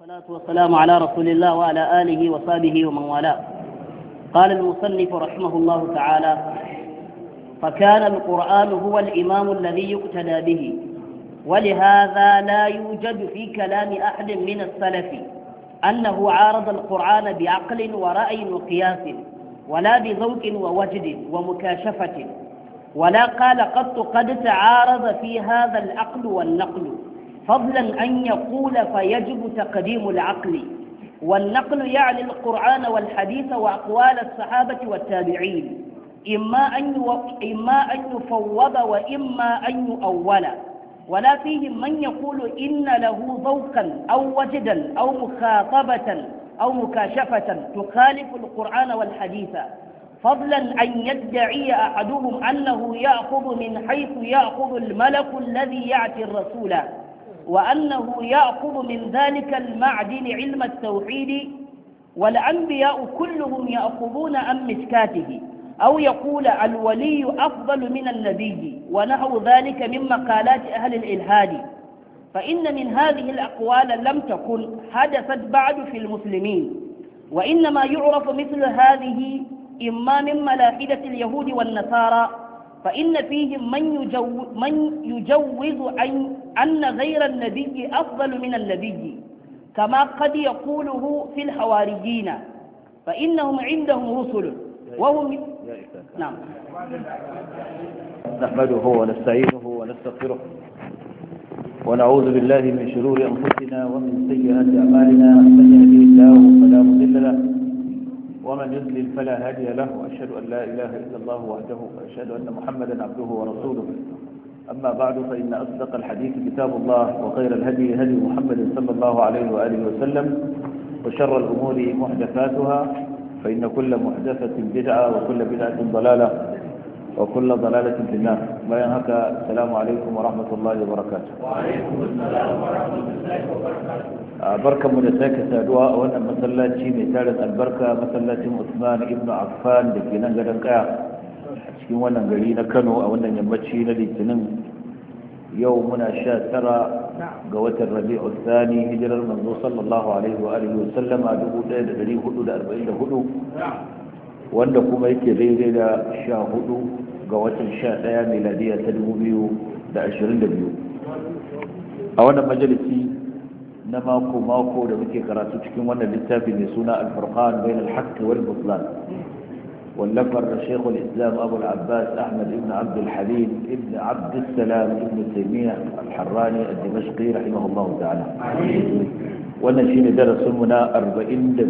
والصلاة والسلام على رسول الله وعلى آله وصحبه ومن والاه قال المصنف رحمه الله تعالى فكان القرآن هو الإمام الذي يقتدى به ولهذا لا يوجد في كلام أحد من السلف أنه عارض القرآن بعقل ورأي وقياس ولا بذوق ووجد ومكاشفة ولا قال قط قد تعارض في هذا العقل والنقل فضلا أن يقول فيجب تقديم العقل والنقل يعني القرآن والحديث وأقوال الصحابة والتابعين إما أن, و... إما أن يفوض وإما أن يؤول ولا فيه من يقول إن له ذوقا أو وجدا أو مخاطبة أو مكاشفة تخالف القرآن والحديث فضلا أن يدعي أحدهم أنه يأخذ من حيث يأخذ الملك الذي يعتي الرسول وأنه يأخذ من ذلك المعدن علم التوحيد والأنبياء كلهم يأخذون عن مشكاته أو يقول الولي أفضل من النبي ونحو ذلك من مقالات أهل الإلهاد فإن من هذه الأقوال لم تكن حدثت بعد في المسلمين وإنما يعرف مثل هذه إما من ملاحدة اليهود والنصارى فإن فيهم من, يجو من يجوز أن, أن غير النبي أفضل من النبي كما قد يقوله في الحواريين فإنهم عندهم رسل وهم نعم نحمده ونستعينه ونستغفره ونعوذ بالله من شرور أنفسنا ومن سيئات أعمالنا من يهده الله فلا مضل له ومن يضلل فلا هادي له وأشهد أن لا إله إلا الله وحده وأشهد أن محمدا عبده ورسوله أما بعد فإن أصدق الحديث كتاب الله وخير الهدي هدي محمد صلى الله عليه وآله وسلم وشر الأمور محدثاتها فإن كل محدثة بدعة وكل بدعة ضلالة وكل ضلالة في النار ما ينهك السلام عليكم ورحمة الله وبركاته وعليكم السلام ورحمة الله وبركاته barkanmu da sake saduwa a wannan masallaci mai tarin albarka masallacin usman ibn affan da ke nan gadon kaya a cikin wannan gari na kano a wannan yammaci na litinin yau muna sha tara ga watan rabi'u thani hijirar manzo sallallahu alaihi wa alihi wa sallama 1444 wanda kuma yake daidai da sha hudu ga watan sha daya miladiya ta 2022 a wannan majalisi na mako mako da muke karatu cikin wannan littafi mai suna al-furqan bain al-haqq wal butlan wallafar da al-islam abu al-abbas ahmad ibn abd al-halim ibn abd salam ibn taymiyyah al-harrani al-dimashqi rahimahullah ta'ala wannan shine darasin mu na 42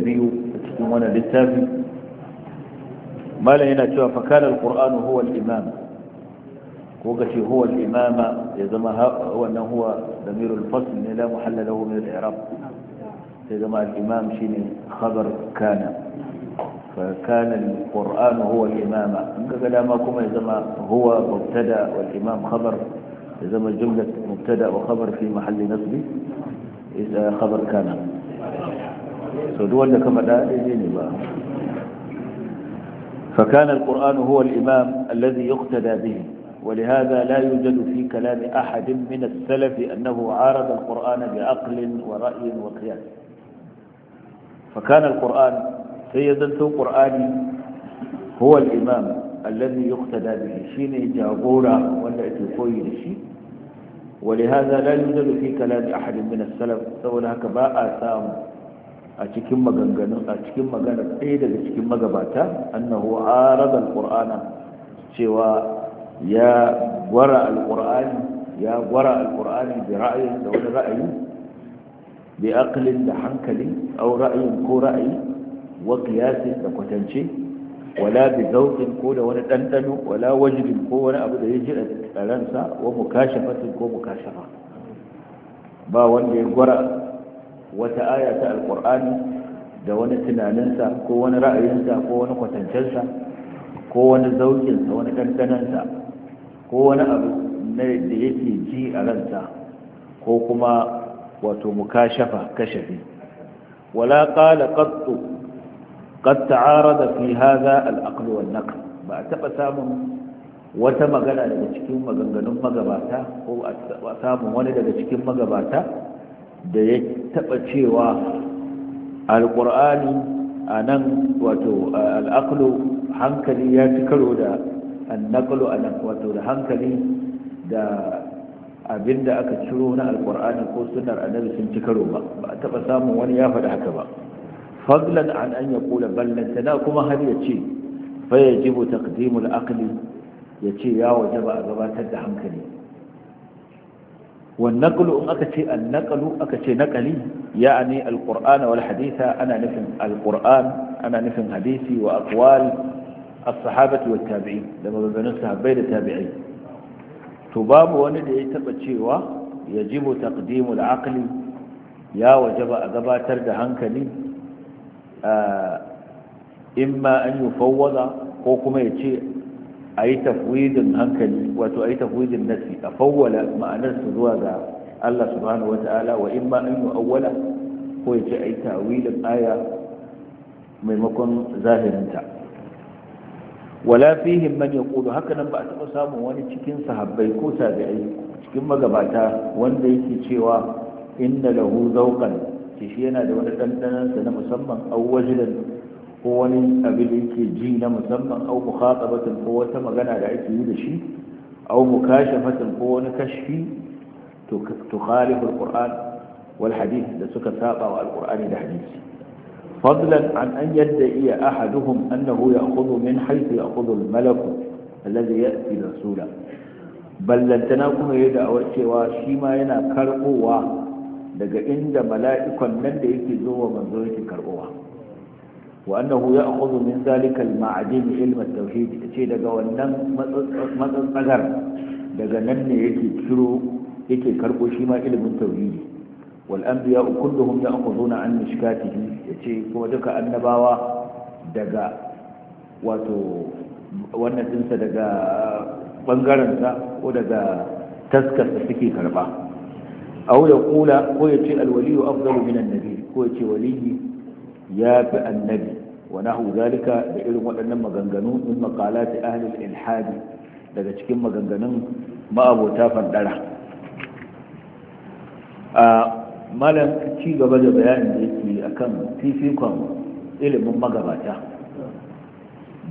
cikin wannan littafi malam yana cewa fa kana al-qur'an huwa al-imam وقتي هو الإمام يزم هو أنه هو دمير الفصل لا محل له من الإعراب يزم الإمام شين خبر كان فكان القرآن هو الإمام كلامكم يزم هو مبتدا والإمام خبر يزم جملة مبتدا وخبر في محل نصب إذا خبر كان سودولك ما دليلني با فكان القرآن هو الإمام الذي يقتدى به ولهذا لا يوجد في كلام أحد من السلف أنه عارض القرآن بعقل ورأي وقياس فكان القرآن سيدنته قرآني هو الإمام الذي يقتدى به شين جابورا ولا اتقوي لشي ولهذا لا يوجد في كلام أحد من السلف سوى لها كباء سام a cikin maganganun a cikin maganar ɗaya daga cikin magabata annahu arada alqur'ana cewa ya gwara alƙur'ani ya gwara alƙur'ani da ra'ayin da wani ra'ayi bi aqlin da hankali au ra'ayin ko ra'ayi wa qiyasin da kwatance wala bi zauqin ko da wani dandano wala wajibin ko wani abu da ya ji a ransa wa mukashafatin ko mukashafa ba wanda ya gwara wata aya ta alƙur'ani da wani tunaninsa ko wani ra'ayinsa ko wani kwatancensa ko wani zaukinsa wani ɗanɗanansa ko wani abu da yake ji a ransa ko kuma wato mukashafa kashafi wala qala qattu qad ta'arada fi hadha al-aql wal naql ba taba samun wata magana daga cikin maganganun magabata ko a samun wani daga cikin magabata da ya taba cewa a anan wato al-aql hankali ya ci karo da annaqlu anan wato da hankali da abinda aka ciro na alkur'ani ko sunnar annabi sun ci karo ba ba taba samun wani ya faɗi haka ba fadlan an an balla ballantana kuma har ya ce fa yajibu taqdimul aqli ya ce ya ba a gabatar da hankali والنقل أكتي النقل أكتي نقلي يعني القرآن ana nufin alkur'an ana nufin hadisi wa وأقوال as-sahabati wat tabi'in da maganganun sahabbai da tabi'ai to babu wani da ya taɓa cewa ya ji yajibu taqdimul aqli ya wajaba a gabatar da hankali imma an yufawwada ko kuma yace ayi tafwidin hankali wato ayi tafwidin nafsi a fawwala ma'anar su zuwa ga Allah subhanahu wata'ala wa imma an yu'awwala ko yace ayi tawilin aya maimakon zahirinta wala fihim man yaqulu haka nan ba a taɓa samun wani cikin sahabbai ko tabi'ai cikin magabata wanda yake cewa inna lahu zawqan shi yana da wani dandanan sa na musamman aw wajdan ko wani abin da yake ji na musamman aw mukhatabatan ko wata magana da ake yi da shi aw mukashafatan ko wani kashfi to tukhalifu alquran wal hadith da suka saba wa alqurani da hadisi فضلا a أن يدعي أحدهم أنه يأخذ من حيث يأخذ الملك الذي يأتي رسولا ballantana kuma ya da'awar cewa shi ma yana karbowa daga inda mala'ikon nan da yake zo wa manzo yake karbowa wa annahu ya'khudhu min zalika al-ma'adim ilm at-tauhid ce daga wannan matsatsagar daga nan ne yake karɓo yake shi ma ilimin tauhidi wal anbiya kulluhum ya'khuduna an ya yace kuma duka annabawa daga wato wannan dinsa daga ɓangarenta ko daga taskarsa suke karba aw da kula ko yace al waliyu afdalu min annabi ko yace waliyi ya fi annabi Wani hau zalika da irin waɗannan maganganu in maqalati ahli al ilhadi daga cikin maganganun ma'abota fandara malam ci gaba da bayanin da yake akan fifikon ilimin magabata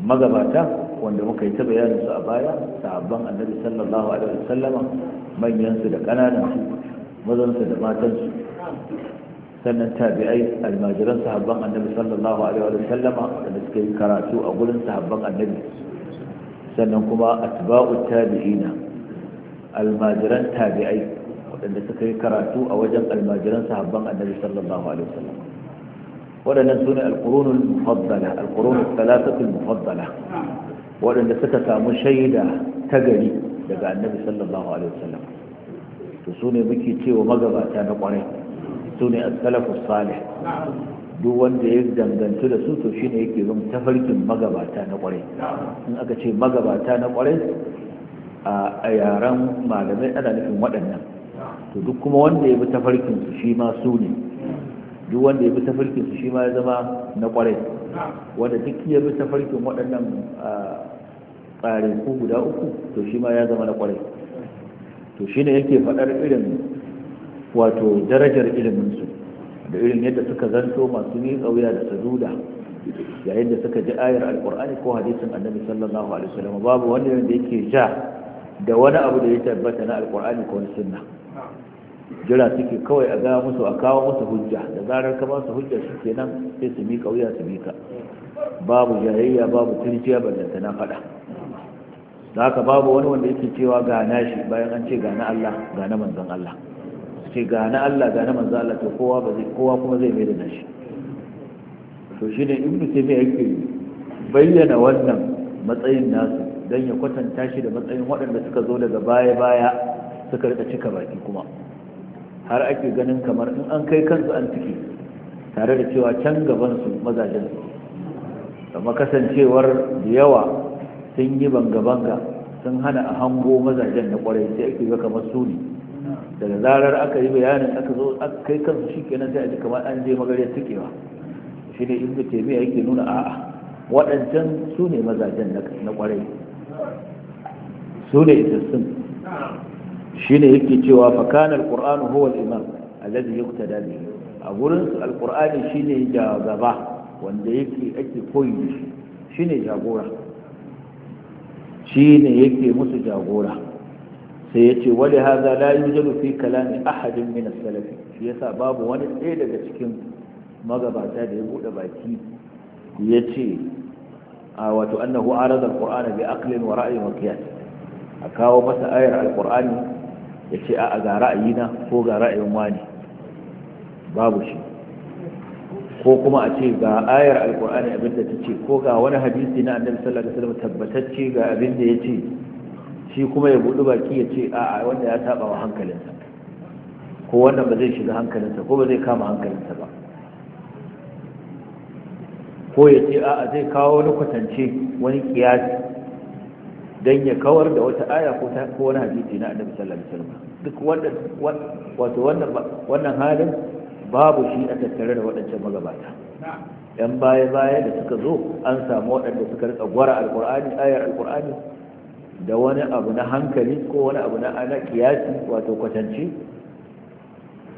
magabata wanda muka yi ta bayanin su a baya sahabban annabi sallallahu alaihi wasallama manyan da kananan su mazan da matansu, sannan tabi'ai almajiran sahabban annabi sallallahu alaihi wasallama da suka yi karatu a gurin sahabban annabi sannan kuma atba'u tabi'ina almajiran tabi'ai waɗanda suka yi karatu a wajen almajiran sahabban annabi sallallahu alaihi wasallam waɗannan su ne alƙurunul mufaddala alƙurunul talatatul mufaddala waɗanda suka samu shaida ta gari daga annabi sallallahu alaihi wasallam to sune muke cewa magabata na ƙwarai su ne as-salafus salih duk wanda ya dangantu da su to shine yake zama tafarkin magabata na kwarai in aka ce magabata na kwarai a yaren malamai ana nufin waɗannan to duk kuma wanda ya bi tafarkin su shi ma su ne duk wanda ya bi tafarkin su shi ma ya zama na kwarai wanda duk ya bi tafarkin waɗannan tsarin ku guda uku to shi ma ya zama na kwarai to shi ne yake faɗar irin wato darajar iliminsu da irin yadda suka zanto masu miƙa wuya da saduda yayin da suka ji ayar alkur'ani ko hadisin annabi sallallahu alaihi wasallam babu wanda yake ja da wani abu da ya tabbata na alkur'ani ko sunna jira suke kawai a gaya musu a kawo musu hujja da zarar ka ba su hujja shi nan sai su miƙa wuya su miƙa babu jayayya babu turjiya da na faɗa da haka babu wani wanda yake cewa gana shi bayan an ce gana Allah gana manzon Allah ce gana Allah gana manzon Allah to kowa ba zai kowa kuma zai mai da shi to in mutum ya yake bayyana wannan matsayin nasu dan ya kwatanta shi da matsayin waɗanda suka zo daga baya baya suka rika cika baki kuma har ake ganin kamar in an kai kansu an ciki tare da cewa can gaban su mazajen kama kasancewar da yawa sun yi banga-banga sun hana a hango mazajen na kwarai sai ake ga kamar su ne daga zarar aka yi bayanin aka zo aka kai kansu shi kenan sai a ji kamar an je magare tikewa shi ne inda taimiyya yake nuna a'a waɗancan su ne mazajen na kwarai su ne isassun shine yake cewa fa kana alqur'anu huwa al-imam alladhi yuqtada bihi a gurin alqur'ani shine gaba wanda yake ake koyi shi shine jagora shine yake musu jagora sai ya ce wani haza la yujadu fi kalami ahadin min as-salafi shi yasa babu wani ɗaya daga cikin magabata da ya bude baki ya ce a wato annahu arada al bi aqlin wa ra'yin wa qiyas a kawo masa ayar al ya ce a ga ra'ayina ko ga ra'ayin wani babu shi ko kuma a ce ga ayar alkur'ani abinda ta ce ko ga wani hadisi na annabi sallallahu alaihi wasallam tabbatacce ga abinda ya ce shi kuma ya buɗi baki ya ce a wanda ya saba wa hankalinsa ko wannan ba zai shiga hankalinsa ko ba zai kama hankalinsa ba ko ya ce a zai kawo wani kwatance wani kiyasi don ya kawar da wata aya ko wani hadisi na annabi sallallahu alaihi wasallam duk wannan wato wannan wannan halin babu shi a tattare da waɗancan magabata yan baya baya da suka zo an samu waɗanda suka rika gwara alqur'ani ayar alqur'ani da wani abu na hankali ko wani abu na ana kiyasi wato kwatance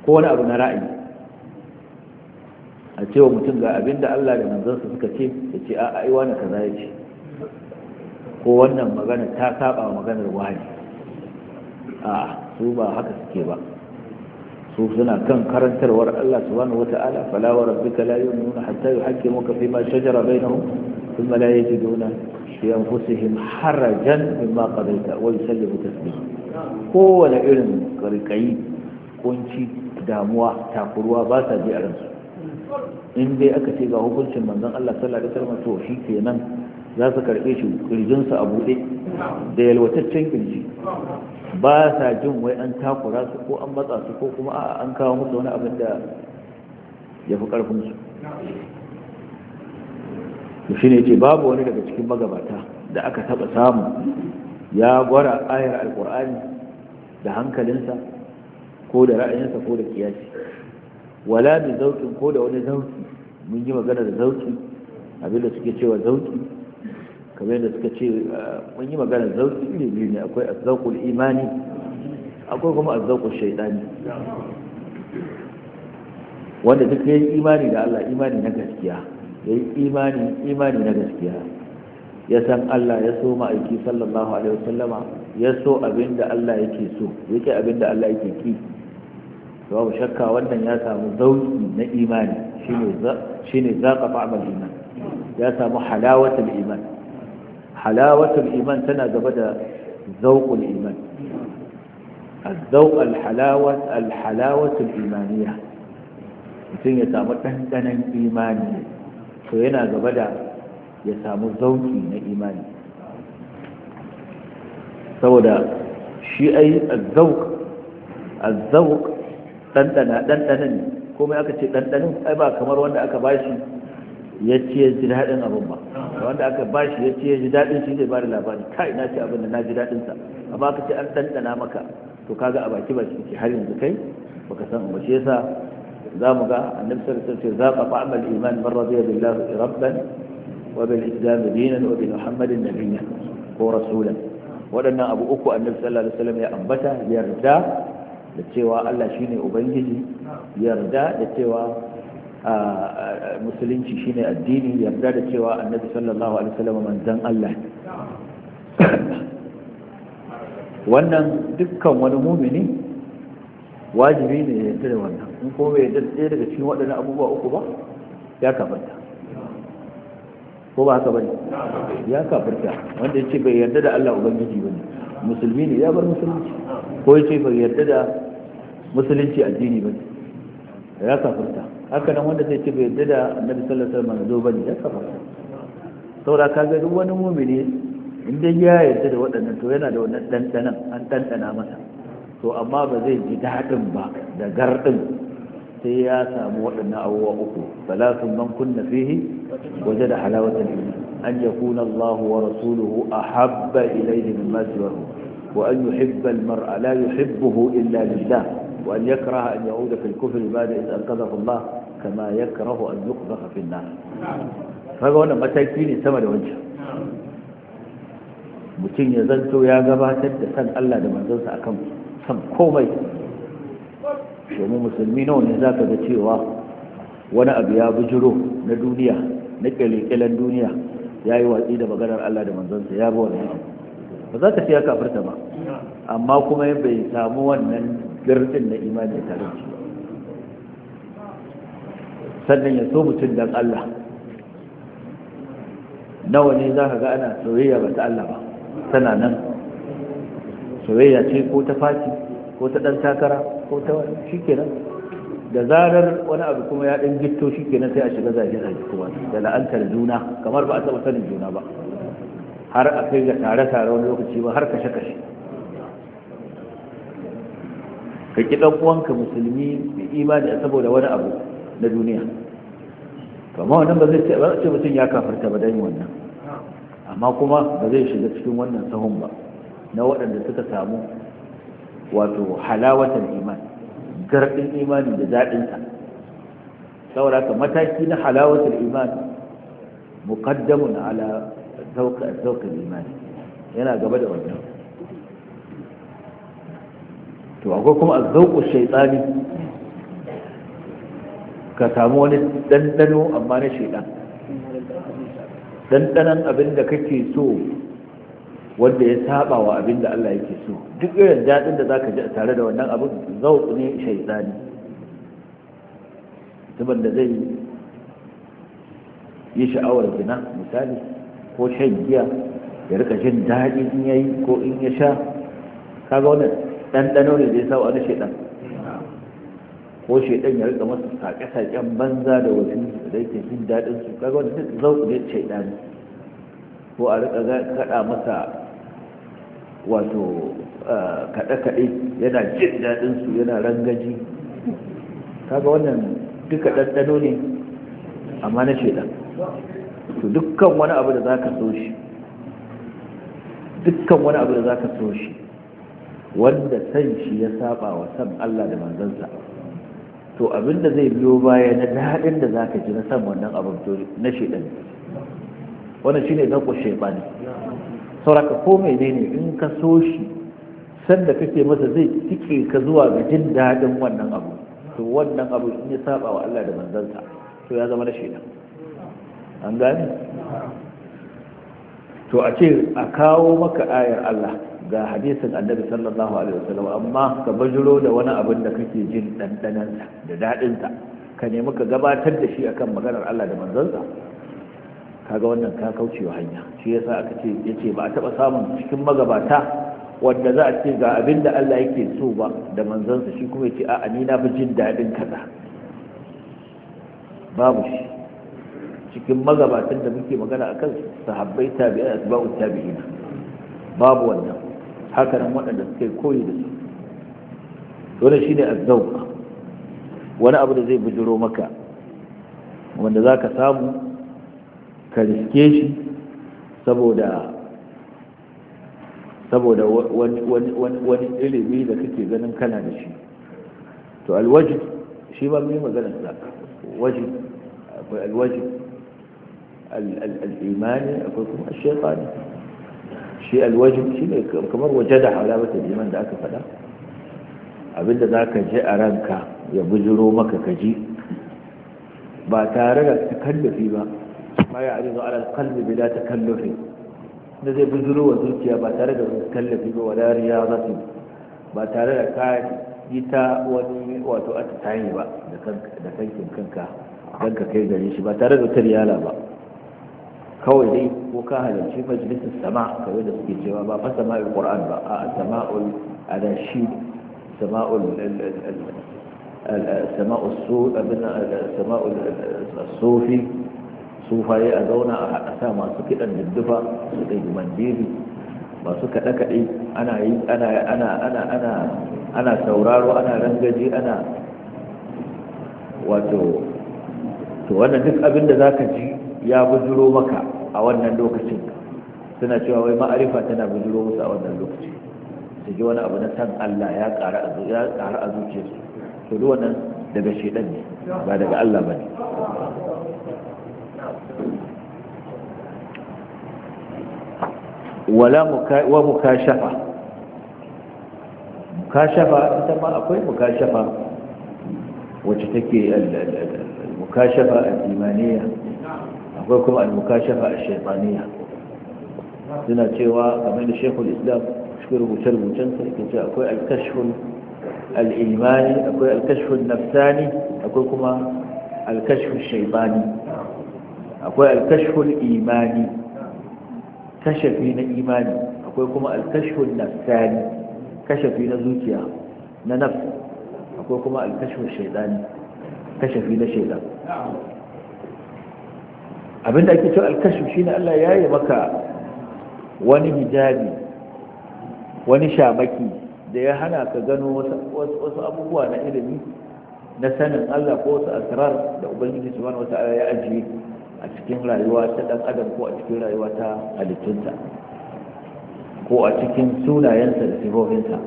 ko wani abu na ra'ayi a cewa mutum ga abinda Allah da manzansa suka ce ya ce a'a ai wani kaza ya ce ko wannan magana ta saba maganar wani a su ba haka suke ba su suna kan karantarwar Allah subhanahu wata'ala fala wa rabbika la yu'minuna hatta yuhaqqimuka fima shajara bainahum thumma la yajiduna fi anfusihim harajan mimma qadaita wa yusallimu taslima kowane irin karkai kunci damuwa takuruwa ba sa ji a ransu in dai aka ce ga hukuncin manzon Allah sallallahu alaihi wasallam to shi kenan za su karɓe shi ƙirjinsu a buɗe da yalwataccen ƙirji ba sa jin wai an takura su ko an matsa su ko kuma a an kawo musu wani abin da ya fi ƙarfinsu shi ne ce babu wani daga cikin magabata da aka taɓa samu ya gwara ayar alƙur'ani da hankalinsa ko da ra'ayinsa ko da kiyasi wala da zauƙin ko da wani zauƙi mun yi magana da zauƙi abinda suke cewa zauki. kamar da suka ce ah, mun yi magana zauki iri biyu ne akwai azzaukul imani akwai kuma azzaukul shaidani wanda duk ya yi imani da Allah imani na gaskiya ya yi imani imani na gaskiya ya san Allah ya so ma'aiki sallallahu alaihi wasallama ya so abin da Allah yake so ya ke abin da Allah yake ki babu shakka wannan ya samu zauki na imani shine shine zaqa ba'mal iman ya samu halawatul iman halawatul iman tana gaba da zauqul iman الذوق الحلاوة الحلاوة الإيمانية mutum ya samu ɗanɗanon imani to yana gaba da ya samu zauki na imani saboda shi ai azzauk azzauk ɗanɗana ɗanɗanin komai aka ce ɗanɗanin ai ba kamar wanda aka ba shi. ya ce ya ji daɗin abin ba wanda aka ba shi ya ce ya ji daɗin shi zai ba da labari kai na ce abin da na ji daɗin sa amma aka ce an ɗanɗana maka to kaga a baki baki ce har yanzu kai baka san ba shi yasa za mu ga annabi sallallahu alaihi wasallam zaqa fa'amal iman man radiya billahi rabban wa bil islam dinan wa bi muhammadin nabiyyan ko rasulan waɗannan abu uku annabi sallallahu alaihi wasallam ya ambata yarda da cewa Allah shine ubangiji yarda da cewa musulunci shine addini yarda da cewa annabi sallallahu alaihi wasallam manzon Allah wannan dukkan wani mumini wajibi ne ya yarda da wannan in kuma bai yarda ɗaya daga cikin waɗannan abubuwa uku ba ya kafarta ko ba haka bane ya kafarta wanda ce bai yarda da Allah ubangiji bane musulmi ne ya bar musulunci ko ce bai yarda da musulunci addini bane da ya kafirta haka nan wanda zai ci bai yadda da annabi sallallahu alaihi wasallam zo bane ya kafirta saboda kaga duk wani mumini in dai ya yarda da waɗannan to yana da wannan dandanan an dandana masa to amma ba zai ji daɗin ba da gardin sai ya samu waɗannan abubuwa uku salatun man kunna fihi waje da halawatul iman an yakuna Allah wa rasuluhu ahabba ilayhi mimma siwahu wa an yuhibba al-mar'a la yuhibbuhu illa lillah وأن يكره أن يعود في الكفر بعد إذ أنقذه الله كما يكره أن يقذف في النار kaga wannan mataki ne sama da wancan mutum ya zanto ya gabatar da san Allah da manzansa kan san komai domin musulmi nawa ne zaka ga cewa wani abu ya bujiro na duniya na kyalekyalen duniya ya yi watsi da maganar Allah da manzansa ya bi wannan ba za ka ce ya kafirta ba amma kuma ya bai samu wannan girdin na imani da talauci ba sannan ya so mutum don Allah nawa ne za ka ga ana soyayya ba ta Allah ba tana nan soyayya ce ko ta fati ko ta ɗan takara ko ta wani shi da zarar wani abu kuma ya ɗan gito shikenan sai a shiga zage-zage kuma da la'antar juna kamar ba a taɓa sanin juna ba har a kai ga tare-tare wani lokaci ba har kashe-kashe ka ki dan uwanka musulmi mai imani saboda wani abu na duniya amma wannan ba zai ce mutum ya kafarta ba dan wannan amma kuma ba zai shiga cikin wannan sahun ba na waɗanda suka samu wato halawatar iman garɗin imani da daɗinsa saboda ka mataki na halawatul iman muqaddamun ala zauka zauka imani yana gaba da wannan to akwai kuma azzauku shaytani ka samu wani dandano amma na shaytan dandanan abin da kake so wanda ya saba wa abin da Allah yake so duk irin dadin da zaka ji tare da wannan abin zauku ne shaytani mutumin da zai yi sha'awar zina misali ko shan giya ya rika jin daɗi in yayi ko in ya sha kaga wannan ɗanɗano ne zai sawa na shaidan ko shaidan ya rika masa saƙe-saƙen banza da wasu da yake jin daɗin su kaga wanda duk zauku ne shaidan ko a rika kaɗa masa wato kaɗe-kaɗe yana jin daɗin su yana rangaji kaga wannan duka ɗanɗano ne amma na shaidan to dukkan wani abu da za ka so shi dukkan wani abu da za ka so shi wanda san shi ya saba wa san Allah da manzansa to abinda zai biyo baya na daɗin da zaka ji na san wannan abin to na shedan wannan shine dan ku shebani sauraka ko menene in ka so shi sanda kake masa zai tike ka zuwa ga jin daɗin wannan abu to wannan abu in ya saba wa Allah da manzansa to ya zama na shedan an gane to a ce a kawo maka ayar Allah ga hadisin annabi sallallahu alaihi wasallam amma ka bajiro da wani abin da kake jin dandanansa da dadinsa ka nemi ka gabatar da shi akan maganar Allah da manzansa kaga wannan ka kauce wa hanya shi yasa aka ce yace ba a taba samun cikin magabata wanda za a ce ga abin da Allah yake so ba da manzansa shi kuma yace a'a ni na fi jin dadin kaza babu shi cikin magabatan da muke magana akan sahabbai tabi'in asba'u tabi'ina babu wannan haka nan waɗanda suka yi koyi da su wani shi ne azzauk wani abu da zai bujiro maka wanda za ka samu ka riske shi saboda saboda wani ilimi da kake ganin kana da shi to alwaji shi ba mai maganar zaka waji akwai alwaji al'imani akwai kuma shekaru shi alwajib shi ne kamar waje da halabata liman da aka faɗa abinda za ka ji a ranka ya bujiro maka ka ji ba tare da takallafi ba ma ya arizo ala kalbi bila takallafi da zai bujiro wa zuciya ba tare da takallafi ba wala riyazati ba tare da ka yi ta wani wato a ba da kankin kanka don ka kai gari shi ba tare da tariyala ba kawai dai ko ka halarci majalisar sama kawai da suke cewa ba fa sama'ul ƙor'an ba a sama'ul adashi sama'ul sama'ul su abin sama'ul sufi sufaye a zauna a haɗa masu kiɗan duddufa su ɗai mandiri masu kaɗe-kaɗe ana yi ana ana ana ana ana sauraro ana rangaji ana wato to wannan duk abin da za ka ji ya bujuro maka a wannan lokacin suna cewa wai ma'arifa tana bujuro musu a wannan lokacin su ji wani abu na san Allah ya ƙara a zuciyarsu to duk wannan daga shedan ne ba daga Allah ba ne wa mukashafa mukashafa ita ma akwai mukashafa wacce take mukashafa al-imaniya akwai kuma al-mukashafa ash-shaytaniyya suna cewa kamar da shekul islam shi rubuce-rubucen sa yake cewa akwai al-kashfun al-ilmani akwai al-kashfun nafsani akwai kuma al-kashfun shaytani akwai al-kashfun imani kashafi na imani akwai kuma al-kashfun nafsani kashafi na zuciya na nafs akwai kuma al-kashfun shaytani kashafi na shaytan abinda ake cewa alkashu shine Allah ya yi maka wani hijabi wani shamaki da ya hana ka gano wasu abubuwa na ilimi na sanin Allah ko wasu asrar da ubangiji subhanahu wata'ala ya ajiye a cikin rayuwa ta dan adam ko a cikin rayuwa ta halittunta ko a cikin sunayensa da sifofinsa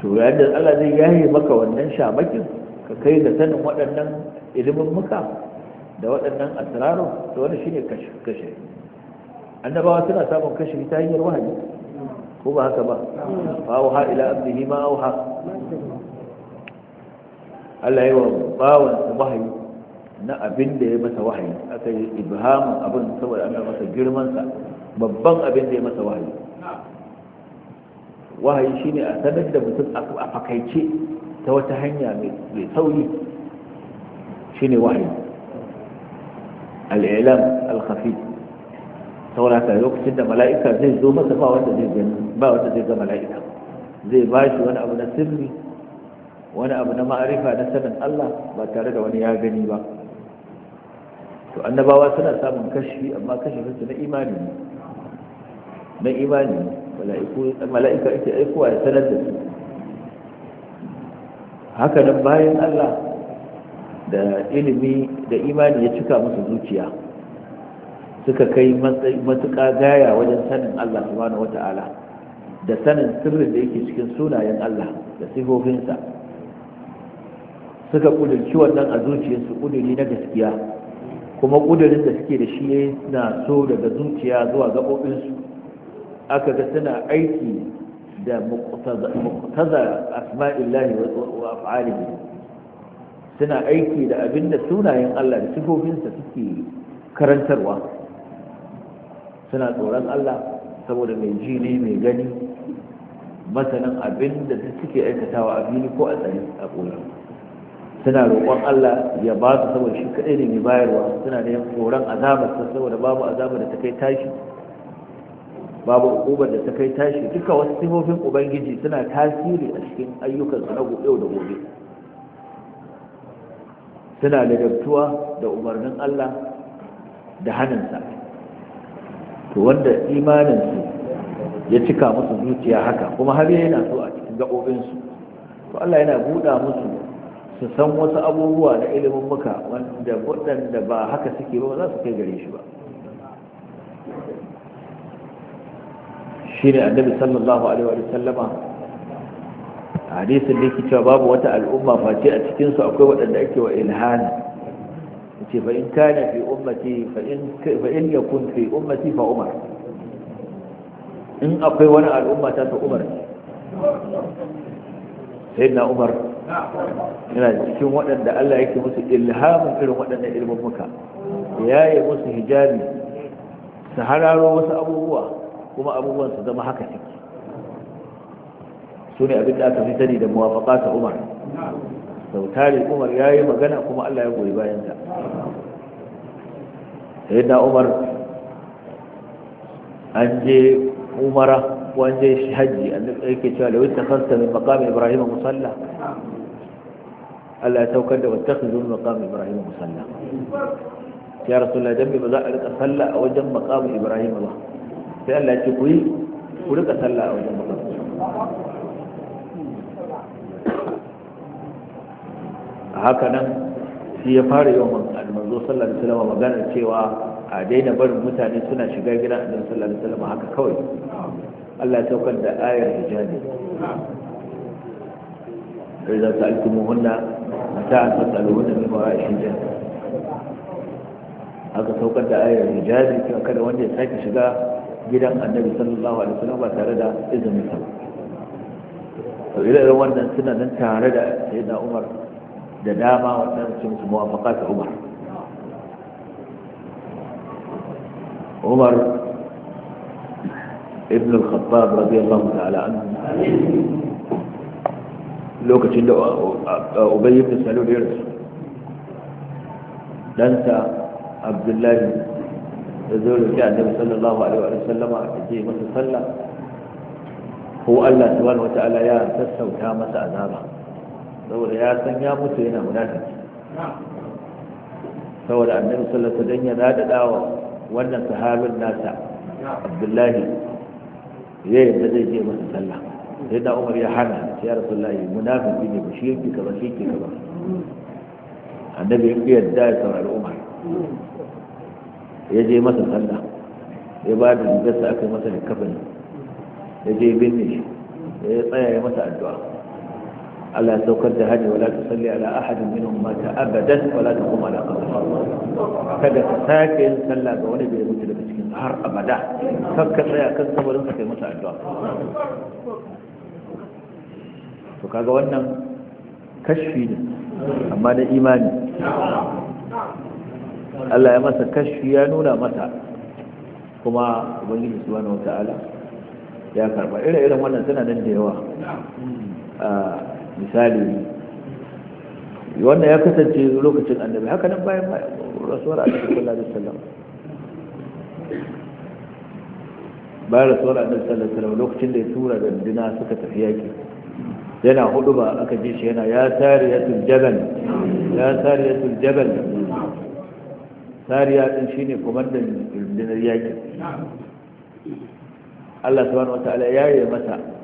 to yadda Allah zai yaye maka wannan shamakin ka kai da sanin waɗannan ilimin muka da waɗannan asraro to wani shine kashe annabawa suna samun kashe ta hanyar wahayi ko ba haka ba mm. fa'auha ila abdihi ma auha Allah yi wa bawansa wahayi na abin da ya masa wahayi aka yi ibhamin abin saboda ana masa girmansa babban abin da ya masa wahayi wahayi shine a sanar da mutum a fakaice ta wata hanya mai sauri shine wahayi al'ilam al-khafi saboda ka lokacin da mala'ika zai zo masa ba wanda zai ga mala'ika zai ba shi wani abu na sirri wani abu na ma'arifa na sanin Allah ba tare da wani ya gani ba to annabawa suna samun kashi amma kashifinsu na imani ne na imani mala'ika ita aikowa ya sanar da su haka nan bayan Allah da ilimi da imani ya cika musu zuciya suka kai matuƙa gaya wajen sanin Allah subhanahu wata'ala da sanin sirrin da yake cikin sunayen Allah da sifofinsa suka ƙudurci wannan a zuciyarsu ƙuduri na gaskiya kuma ƙudurin da suke da shi na so daga zuciya zuwa gaɓoɓinsu aka ga suna aiki da muktaza asma'illahi wa af'alihi suna aiki da abin da sunayen Allah da sifofinsa suke karantarwa suna tsoron Allah saboda mai ji ne mai gani masanin abin da suke aikatawa a fili ko a tsari a ƙoran suna roƙon Allah ya ba su saboda shi kaɗai ne mai bayarwa suna da tsoron sa saboda babu azabar da ta kai tashi babu ƙubar da ta kai tashi duka wasu sifofin ubangiji suna tasiri a cikin ayyukansu na yau da gobe suna ladabtuwa da umarnin Allah da hannunsa to wanda imaninsu ya cika musu zuciya haka kuma har yana so a cikin gaɓoɓinsu to Allah yana buɗa musu su san wasu abubuwa na ilimin muka wanda waɗanda ba haka suke ba za su kai gare shi ba shi ne annabi sallallahu alaihi wa sallama hadisin da yake cewa babu wata al'umma face a cikinsu akwai waɗanda ake wa ilhani ce fa in kana fi ummati fa in ya in fi ummati fa umar in akwai wani al'umma ta ta umar sai na umar yana cikin waɗanda Allah yake musu ilhamin irin waɗannan ilmin muka yi musu hijabi su hararo wasu abubuwa kuma abubuwan su zama haka ciki su ne abin da aka fi sani da muwafaka ta umar sau tare umar ya yi magana kuma allah ya goyi bayan ta sai da umar an je umara ko an je shi hajji annabi yake cewa lawin ta kasta min maqam ibrahim musalla Allah ya saukar da wattakhidhu min maqam ibrahim musalla ya rasulullah dan ba za a rika sallah a wajen maqam ibrahim ba sai Allah ya ce ku yi ku rika sallah a wajen maqam a haka nan shi ya fara yi wa almanzo sallar alaihi wasallam magana cewa a daina barin mutane suna shiga gidan annabi sallar alaihi wasallam haka kawai Allah ya saukar da ayar hijabi إذا سألتموهن متاعا فاسألوهن من وراء الحجاب haka saukar da ayar hijabi cewa kada wanda ya sake shiga gidan annabi sallallahu alaihi wasallam ba tare da izinin sa to ire wannan suna nan tare da sayyidina Umar دداما وتمس موافقات عمر عمر ابن الخطاب رضي الله تعالى عنه لو كتن أبي بن سلول يرسل لنت عبد الله رسول الله صلى الله عليه وسلم في متصلى هو الله سبحانه وتعالى يا تسوى تامة أذابه saboda ya san ya mutu yana munafiki saboda annabi sallallahu alaihi wasallam ya dadada wa wannan sahabin nasa abdullahi ya yadda zai je masa sallah sai da umar ya hana ya rasulullahi munafiki ne ba shi yake ka shi yake ka ba annabi ya yadda ya saurari umar ya je masa sallah ya ba da rigarsa aka yi masa da kafin ya je binne shi ya tsaya ya masa addu'a Allah ya saukar da hajji wala ta salli ala ahadin minhum mata abadan wala ta kuma ala kada ka sake yin sallah ga wani bai mutu daga cikin har abada kan ka tsaya kan kabarin ka kai masa addu'a to kaga wannan kashfi amma na imani Allah ya masa kashfi ya nuna masa kuma ubangiji subhanahu wataala ya karba ire-iren wannan suna nan da yawa misali wannan ya kasance lokacin annabi haka nan bayan rasuwar annabi sallallahu alaihi wasallam da rasuwar annabi sallallahu alaihi wasallam lokacin da ya tura da dina suka tafi yaki yana hudu ba aka ji shi yana ya tariyatul jabal ya tariyatul jabal tariya din shine komandan dinar yaki Allah subhanahu wataala ya yi masa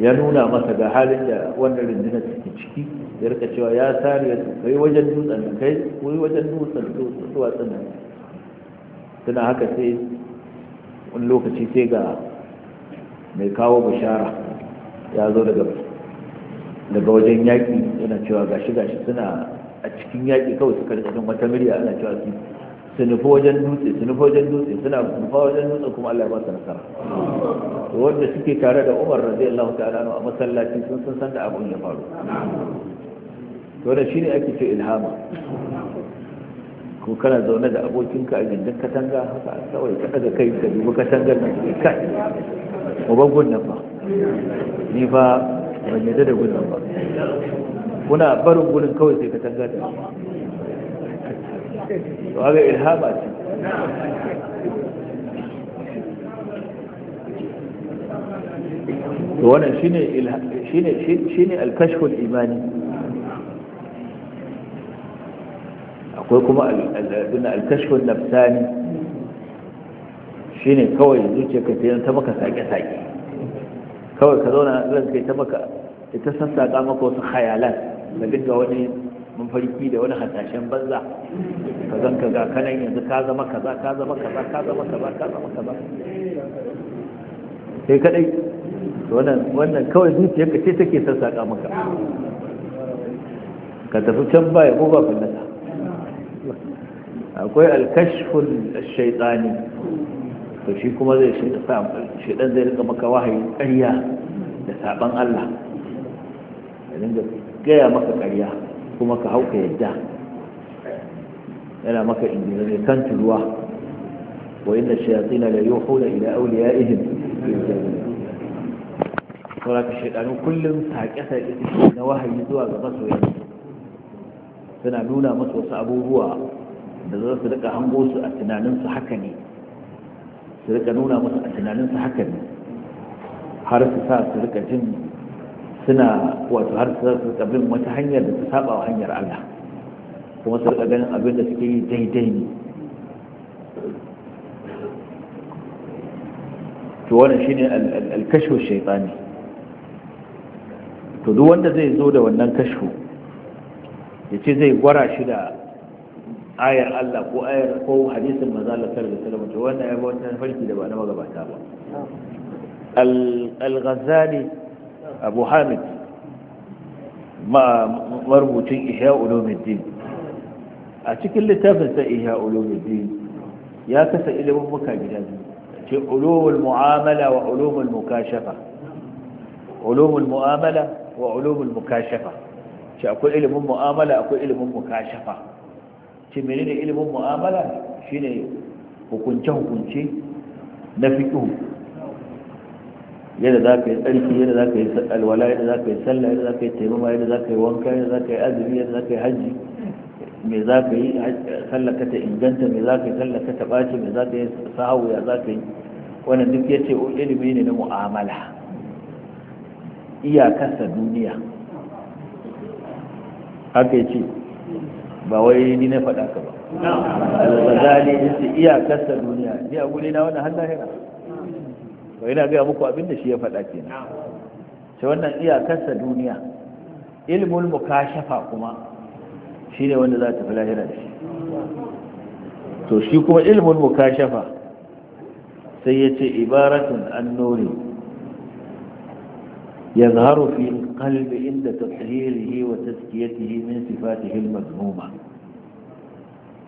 ya nuna masa ga halin da wannan rundunar cikin ciki ya rika cewa ya sare ya kai wajen dutsen kai kai wajen dutsen duwatsun tsanan tana haka sai wani lokaci sai ga mai kawo bishara ya zo daga daga wajen yaƙi yana cewa gashi gashi suna a cikin yaƙi kawai suka wata murya ana cewa su su nufi wajen dutse su nufi wajen dutse suna nufa wajen dutse kuma Allah ya ba su nasara to wanda suke tare da Umar radiyallahu ta'ala a masallaci sun san san da abun ya faru to da shine ake ce ilhama ko kana zaune da abokinka a gindin katanga haka kawai ka daga kai ka dubi katangar nan sai kai uban gunnan ba ni fa ban yadda da gunnan ba kuna barin gudun kawai sai katanga da وهذا إلهامات وانا شيني شيني الكشف الإيماني أقول لكم الكشف النفساني شيني كوي زوجي كثيرا تبكى ساكي ساكي كوي كذونا لازكي تبكى اتسنسى قامك وصخيالات لقد قواني Mun mafarki da wani hasashen banza ka zan ka ga kanan yanzu ka zama kaza ka zama kaza ka zama kaza ka zama kaza sai kadai wannan wannan kawai ka ce take sassaka maka ka tafi can baya ko ba fannata akwai alkashful shaitani to shi kuma zai sa, shaitan zai rika maka wahayin ƙarya da saban Allah da dinga gaya maka ƙarya kuma ka hauka yadda yana maka injiniyar kan turuwa wa inda shayatsi na shayatina la yuhuna ila ya ihin saboda ka shaidanu kullum saƙe-saƙe na wahayi zuwa ga masu yanzu suna nuna masu wasu abubuwa da za su rika hango su a tunaninsu haka ne su rika nuna masu a tunaninsu haka ne har su sa su rika jin suna wato har su bin wata hanyar da ta saba wa hanyar Allah kuma su ganin abin da suke yi daidai ne to wannan shine al-kashfu shaytani to duk wanda zai zo da wannan kashu ya yace zai gwara shi da ayar Allah ko ayar ko hadisin manzo Allah sallallahu alaihi wasallam to wannan ya ba wata farki da ba na magabata ba al-ghazali abu hamid marubucin ihya ulumuddin a cikin littafinsa ihya ulumuddin ya kasa ilimin muka gida ce ulumul mu'amala wa ulumul mukashafa ulumul mu'amala wa ulumul mukashafa ce akwai ilimin mu'amala akwai ilimin mukashafa ce ne ilimin mu'amala shine hukunce-hukunce na fiƙihu yadda za ka yi tsarki yadda za ka yi alwala yadda za ka yi sallah yadda za ka yi taimama yadda za ka yi wanka yadda za ka yi azumi yadda za ka yi hajji me za ka yi sallaka ta inganta me za ka yi sallaka ta ɓaci me za ka yi sahawu ya za ka yi wannan duk ya ce ilimi ne na mu'amala iyakarsa duniya haka ya ce ba wai ni na faɗa ka ba al-ghazali yace iyakarsa duniya ni a guri na wannan har lahira to yana gaya muku abin da shi ya faɗa kenan sai wannan iyakarsa duniya ka shafa kuma shi ne wanda za ta fi lahira da shi to shi kuma ka shafa. sai ya ce ibaratun an nuri ya zaharu fi kalbi inda tafsirihi wa taskiyatihi min sifatihi hilmar noma.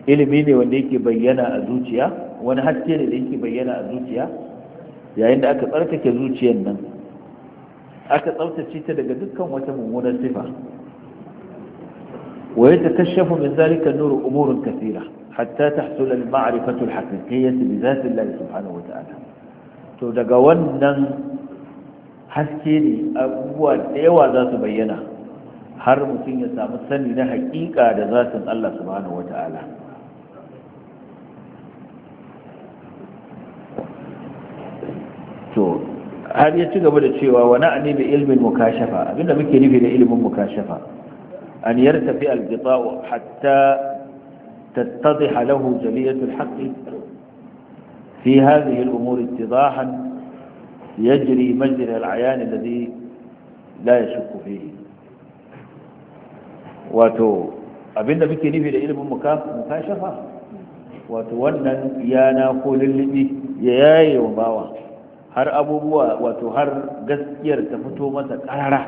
ilimi ne wanda yake bayyana a zuciya wani haske ne da yake bayyana a zuciya yayin da aka tsarkake zuciyar nan aka tsaftace ta daga dukkan wata mummunar sifa wa yadda kashafa min zalika nuru umurun kasira hatta tahsul al ma'rifatu al haqiqiyyah bi zati llahi subhanahu wa ta'ala to daga wannan haske ne abubuwa da yawa za su bayyana har mutum ya samu sani na haƙiƙa da zatin Allah subhanahu wa ta'ala to har ya ci gaba da cewa wa na'ni bi ilmin mukashafa abinda muke nufi da ilimin mukashafa an yartafi al-qita'u hatta tattadhiha lahu jaliyatu al-haqq fi hadhihi al-umur ittidahan yajri majra al-ayan alladhi la yashukku fihi wato abinda muke nufi da ilimin mukashafa wato wannan yana ko lullubi ya yaye wa bawa har abubuwa wato har gaskiyar ta fito masa karara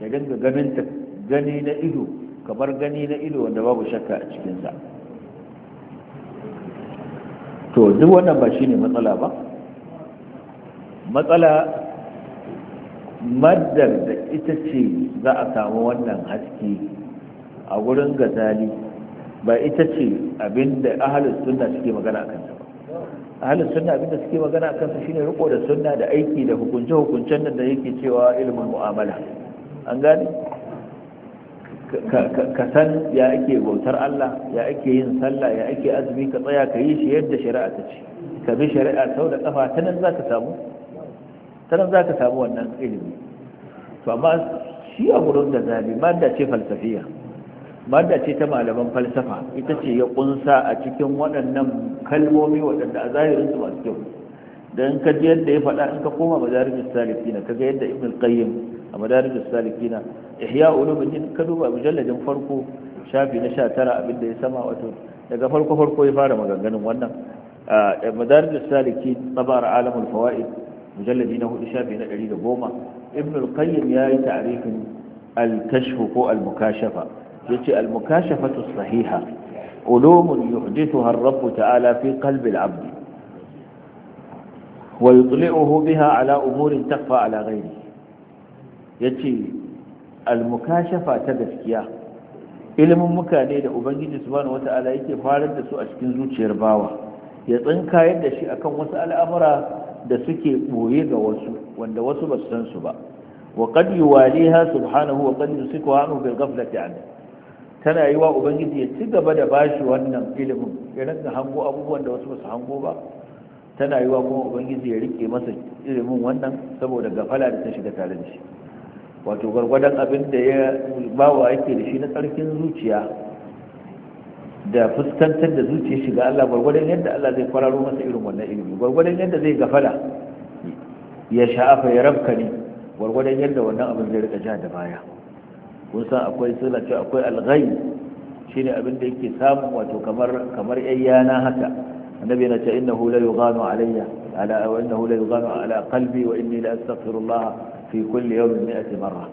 ya dinga ganin ta gani na ido kamar gani na ido wanda babu shakka a cikinsa to duk wannan ba shine matsala ba matsala maddar da ita ce za a samu wannan haske a wurin gazali ba ita ce abinda ahalus sunna suke magana a kansa ahalin sunna abinda suke magana a kansu shine riko da sunna da aiki da hukunce hukuncen da yake cewa ilimin mu'amala an gane ka san ya ake bautar Allah ya ake yin sallah ya ake azumi ka tsaya ka yi shi yadda shari'a ta ce ka bi shari'a sau da kafa ta nan zaka samu samu wannan ilimi to amma shi a gurin da zalima da ce falsafiya madda ce ta malaman falsafa ita ce ya kunsa a cikin waɗannan kalmomi waɗanda a zahirin su masu kyau don ka ji yadda ya faɗa in ka koma madarijus ka ga yadda ibn al-qayyim a madarijus salikina ihya ulumuddin ka duba mujalladin farko shafi na 19 abin da ya sama wato daga farko farko ya fara maganganun wannan a madarijus salikin tabar alamul fawaid mujalladi na hudu shafi na 110 ibn al-qayyim ya yi ta'rifin al-kashf ko al-mukashafa yace al-mukashafatu sahiha ulum yuhdithuha ar-rabb ta'ala fi qalbi al-'abd wa yutli'uhu biha ala umurin takhfa ala ghayri yace al-mukashafa ta gaskiya ilimin mukane da ubangiji subhanahu wata'ala yake farar da su a cikin zuciyar bawa ya tsinka yadda shi akan wasu al'amura da suke boye ga wasu wanda wasu ba su san su ba wa qad yuwaliha subhanahu wa qad yusiku anhu bil ghaflati anhu tana yi wa ubangiji ya ci gaba da bashi wannan ilimin ya rinka hango abubuwan da wasu ba su hango ba tana yi wa kuma ubangiji ya rike masa ilimin wannan saboda gafala da ta shiga tare da shi wato gwargwadon abin da ya wa yake da shi na tsarkin zuciya da fuskantar da zuciya shiga Allah gwargwadon yadda Allah zai fararo masa irin wannan ilimi gwargwadon yadda zai gafala ya sha'afa ya rabka ne gwargwadon yadda wannan abin zai rika ja da baya kun san akwai suna ce akwai alghai shine abin da yake samu wato kamar kamar ayyana haka annabi na ce innahu la yughanu alayya ala wa innahu la yughanu ala qalbi wa inni la astaghfirullah fi kulli yawmin mi'ati marra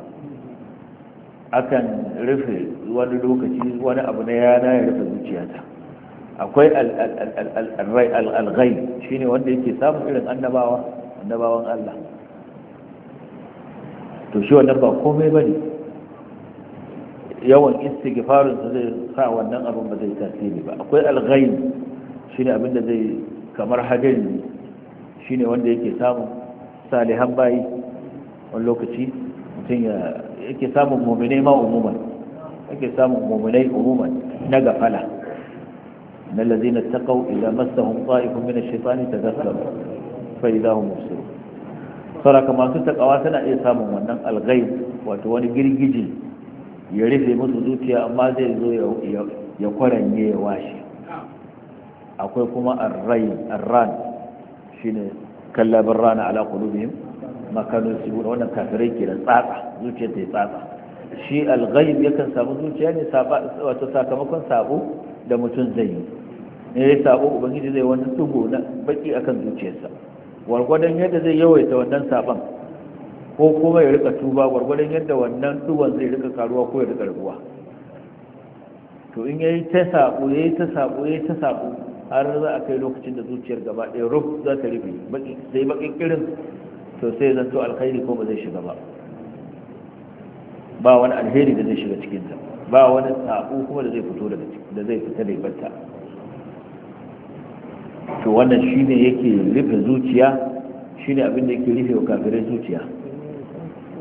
akan rufe wani lokaci wani abu na yana ya rufe zuciyata akwai alghai shine wanda yake samun irin annabawa annabawan Allah to shi wannan ba komai bane yawan istighfarin zai sa wannan abin ba zai tasiri ba akwai alghain shine abin da zai kamar hadari shine wanda yake samun salihan bayi wani lokaci mutum yake samun muminai ma umuman yake samun muminai umuman na gafala na lazina taqaw idza massahum ta'ifun min ash-shaytani tadhakkaru fa idza hum mubsirun saraka masu takawa tana iya samun wannan alghaib wato wani girgijin ya rufe musu zuciya amma zai zo ya kwaranye ya washe akwai kuma arrayin arran shine kallabin rana ala qulubihim makanu sibur wannan kafirai ke da tsatsa zuciya ta tsatsa shi ya yakan samu zuciya ne wato sakamakon sabo da mutum zai yi ne ya sabo ubangiji zai wani tubo na baki akan zuciyarsa wargwadon yadda zai yawaita wannan saban ko kuma ya rika tuba gwargwadon yadda wannan duwan zai rika karuwa ko ya rika rabuwa to in yayi ta sabo yayi ta sabo yayi ta sabo har za a kai lokacin da zuciyar gaba ɗaya ruf za ta rufe sai bakin kirin to sai zan to alkhairi ko ba zai shiga ba ba wani alheri da zai shiga cikinta ba wani sabo kuma da zai fito da zai fita da ibanta to wannan shine yake rufe zuciya shine abin da yake rufe wa kafirai zuciya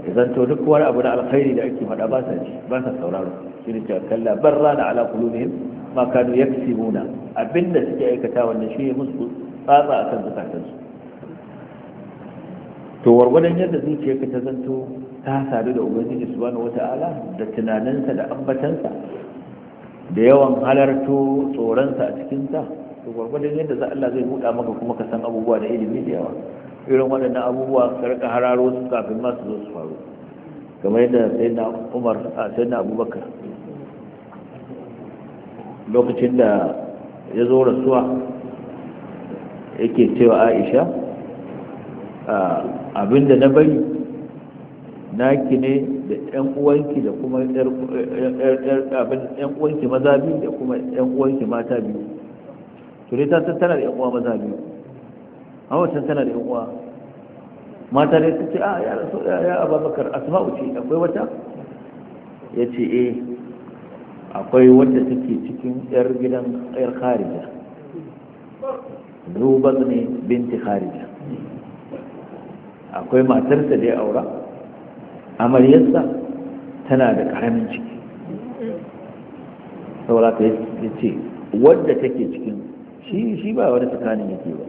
ya zanto duk wani abu na alkhairi da ake faɗa ba sa ba sa sauraro shi ne cewa kalla barra na ala kulubihim ma kanu yaksibuna abinda suke aikata wannan shi musu tsatsa kan zukatansu to wargwadon yadda ka ta zanto ta sadu da ubangiji subhanahu wata'ala da tunaninsa da ambatansa da yawan halarto tsoronsa a cikinsa to wargwadon yadda za Allah zai buɗa maka kuma ka san abubuwa da ilimi da yawa irin waɗannan abubuwa ka rika hararo su kafin masu zo su faru kamar yadda sai na umar a sai na abubakar lokacin da ya zo rasuwa yake cewa aisha abinda na bari naki ne da yan uwanki da kuma yan uwanki maza biyu da kuma yan uwanki mata biyu tuni ta tattara da yan uwa maza biyu a tana da uwa mata dai ce a ya rasu ya ababakar asma'u ce akwai wata ya ce eh akwai wadda take cikin yar gidan yar kharija zubaz ne binti kharija akwai matarsa da ya aura amaryarsa tana da karamin ciki saboda ta ce wadda take cikin shi shi ba wani tsakanin yake ba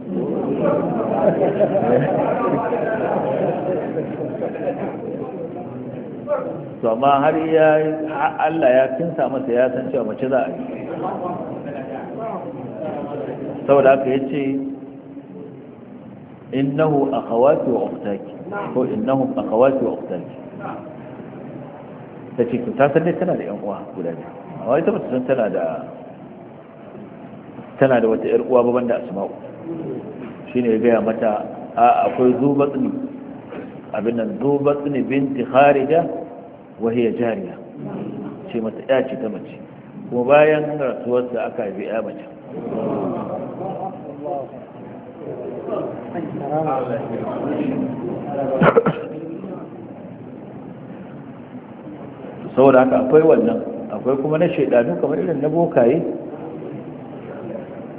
to amma har ya Allah ya kinsa masa ya san cewa mace za a yi saboda haka ya ce innahu akhawati wa ukhtaki ko innahum akhawati wa ukhtaki ta ce ta san tana da yan uwa guda ne amma ita ba ta san tana da tana da wata 'yar uwa babban da asma'u shine ya gaya mata a akwai zubatsini abin nan zubatsini binti kharija wa hiya jariya ce mata ya ce ta mace kuma bayan rasuwarsa aka haifi ya mace saboda haka akwai wannan akwai kuma na shaidanu kamar irin na bokaye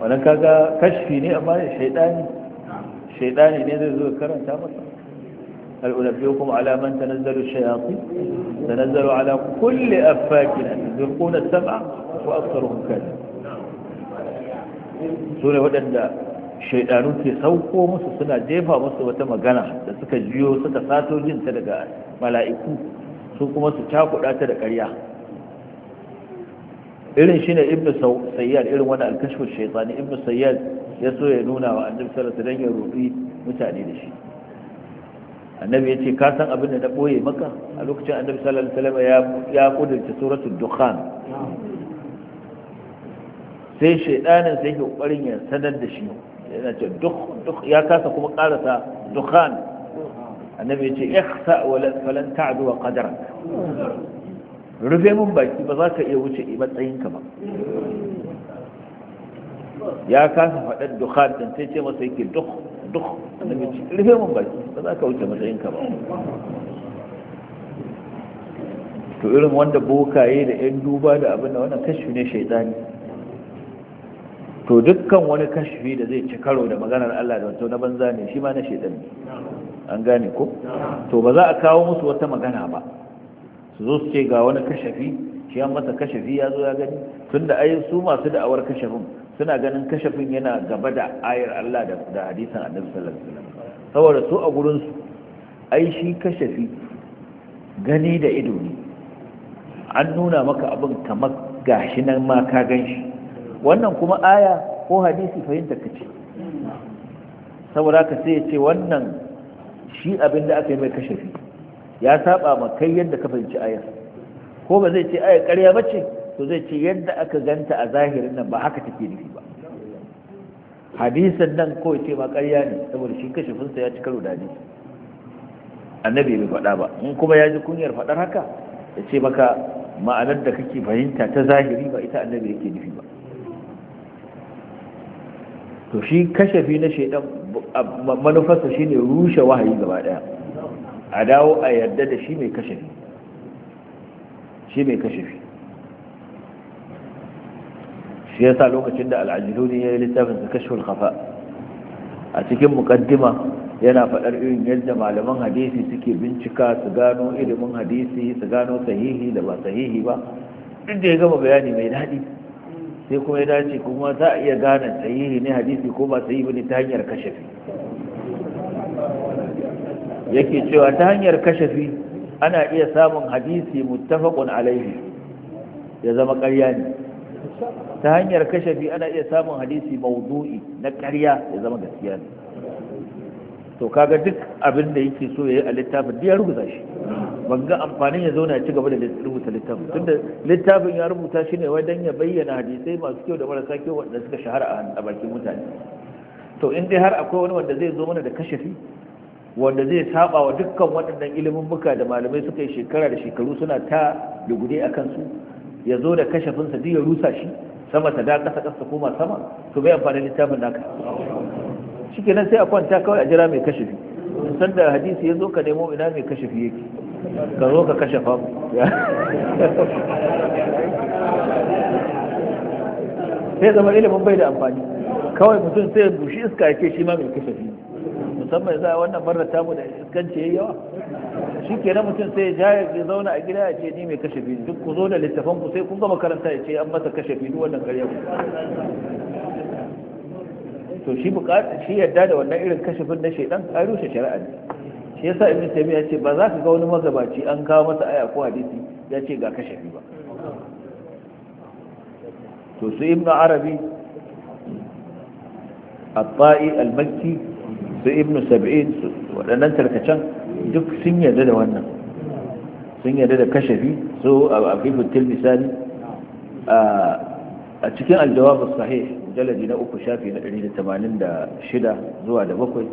wani kaga kashfi ne amma shaidani shaidani ne zai zo karanta masa hal kuma alaman ta nazaru shayafi ta nazaru ala kulle kulli affakin yulquna as-sam'a wa aktharuhum Su ne waɗanda shaidanu ke sauko musu suna jefa musu wata magana da suka jiyo suka sato jinta daga mala'iku su kuma su cakuɗa ta da ƙarya irin shine ibn sayyad irin wani alkashu shaytani ibn sayyad ya so ya nuna wa annabi sallallahu alaihi wasallam ya rubi mutane da shi annabi yace ka san abin da na boye maka a lokacin annabi sallallahu alaihi wasallam ya ya kudurta suratul dukhan sai shaydanin sai ke kokarin ya sanar da shi yana ce duk duk ya kasa kuma karasa dukhan annabi yace ikhsa wa lan ta'du wa qadarak rufe mun baki ba za ka iya wuce matsayinka ba ya kasa faɗar dukhan ɗin sai ce masa yake duk duk annabi ce rufe mun baki ba za ka wuce matsayinka ba to irin wanda bokaye da yan duba da abin da wannan kashfi ne shaidani to dukkan wani kashfi da zai ci karo da maganar Allah da wato na banza ne shi ma na shaidani. an gane ko to ba za a kawo musu wata magana ba su zo su ce ga wani kashafi shi an masa kashafi ya zo ya gani tun da ai su masu da'awar kashafin suna ganin kashafin yana gaba da ayar Allah da hadisan annabi sallallahu alaihi wasallam saboda su a gurin su ai shi kashafi gani da ido ne an nuna maka abin kamar gashi nan ma ka ganshi wannan kuma aya ko hadisi fahimta kace saboda ka sai ya ce wannan shi abin da aka yi mai kashafi ya saba ma kai yadda ka fahimci ayar ko ba zai ce ayar ƙarya ba ce to zai ce yadda aka ganta a zahirin nan ba haka take nufi ba hadisan nan ko ce ma ƙarya ne saboda shi kashe funsa ya ci karo da hadisi annabi bai faɗa ba in kuma ya ji kunyar faɗar haka ya ce maka ma'anar da kake fahimta ta zahiri ba ita annabi yake nufi ba to shi kashafi na shaidan manufarsa shine rushe wahayi gaba ɗaya. a dawo a yarda da shi mai kashe shi mai kashe shi yasa lokacin da al'ajiruni ya yi littafin su kashe kafa a cikin mukaddima yana faɗar irin yadda malaman hadisi suke bincika su gano ilimin hadisi su gano sahihi da ba sahihi ba duk da ya gama bayani mai daɗi sai kuma ya dace kuma za a iya gane sahihi ne hadisi ko ba sahihi ne ta hanyar kashe yake cewa ta hanyar kashafi ana iya samun hadisi muttafaqun alaihi ya zama ƙarya ne ta hanyar kashafi ana iya samun hadisi maudu'i na ƙarya ya zama gaskiya ne to kaga duk abin da yake so yayi a littafin ya rubuta shi ban ga amfanin ya zauna ya ci gaba da rubuta littafin tunda littafin ya rubuta shi ne wajen ya bayyana hadisai masu kyau da marasa kyau wanda suka shahara a bakin mutane to in dai har akwai wani wanda zai zo mana da kashafi wanda zai saba wa dukkan waɗannan ilimin muka da malamai suka yi shekara da shekaru suna ta lugude a kansu ya zo da kashafinsa duk ya rusa shi sama ta da ƙasa ƙasa koma sama to bai amfani littafin naka shike nan sai a kwanta kawai a jira mai kashafi san da hadisi ya zo ka nemo ina mai kashafi yake ka zo ka kashafa mu sai zama ilimin bai da amfani kawai mutum sai ya bushi iska yake shi ma mai kashafi ne musamman za a wannan marar tamu da iskanci yi yawa shi ke na mutum sai ya ya zauna a gida ya ce ni mai kashe fi duk ku zo da littafan ku sai kun gama karanta ya ce an masa kashe fi duk wannan karya to shi bukata shi yadda da wannan irin kashe kashefin na shaidan ka rushe shari'a ne shi yasa ibn taymiya ya ce ba za ka ga wani magabaci an kawo masa aya ko hadisi ya ce ga kashefi ba to su ibn arabi الطائي المكي su ibnu sab'in waɗannan tarkacen duk sun yarda da wannan sun yarda da kashafi a afifu tilmisani a cikin aljawab sahih mujalladi na uku shafi na 186 zuwa da bakwai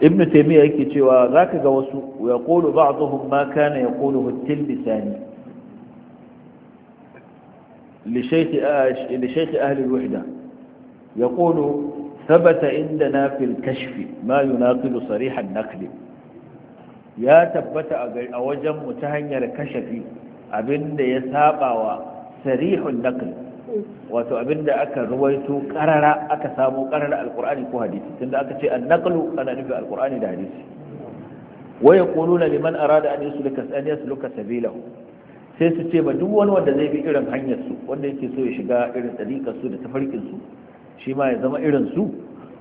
ibnu taymiya yake cewa zaka ga wasu ya qulu ba'dhum ma kana yaquluhu at-tilmisani li shaykh li shaykh ahli al yaqulu ثبت عندنا في الكشف ما يناقض صريح النقل يا ثبت أوجم متهنير كشفي أبن يسابع صريح النقل wato abinda aka ruwaito karara aka samu karara alkur'ani ko hadisi tunda aka ce annaqlu ana nufi alkur'ani da hadisi wa yaquluna liman arada an yuslika an yasluka sabilahu sai su ce ba duk wani wanda zai bi irin hanyar su wanda yake so ya shiga irin tariƙar su da tafarkin su shi ma ya zama irin su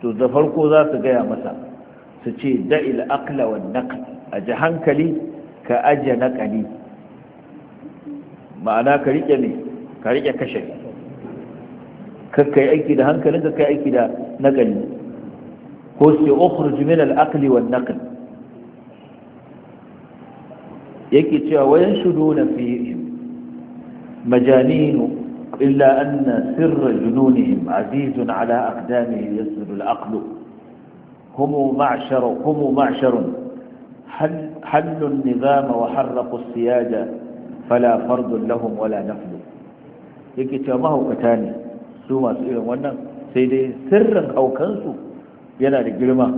to da farko za su gaya masa su ce da'il aqla wan a ji hankali ka aje naqali ma'ana ka rike ne ka rike kashe ka kai aiki da hankalin ka kai aiki da naqali ko sai ukhruj min al aqli wan naql yake cewa wayan na fi majaninu إلا أن سر جنونهم عزيز على أقدامه يسر العقل هم معشر هم معشر حلوا النظام وحرقوا السيادة فلا فرض لهم ولا نفل يكي تأمه كتاني سوما سئلهم وانا سيدي سر أو كنسو ينا لجرمه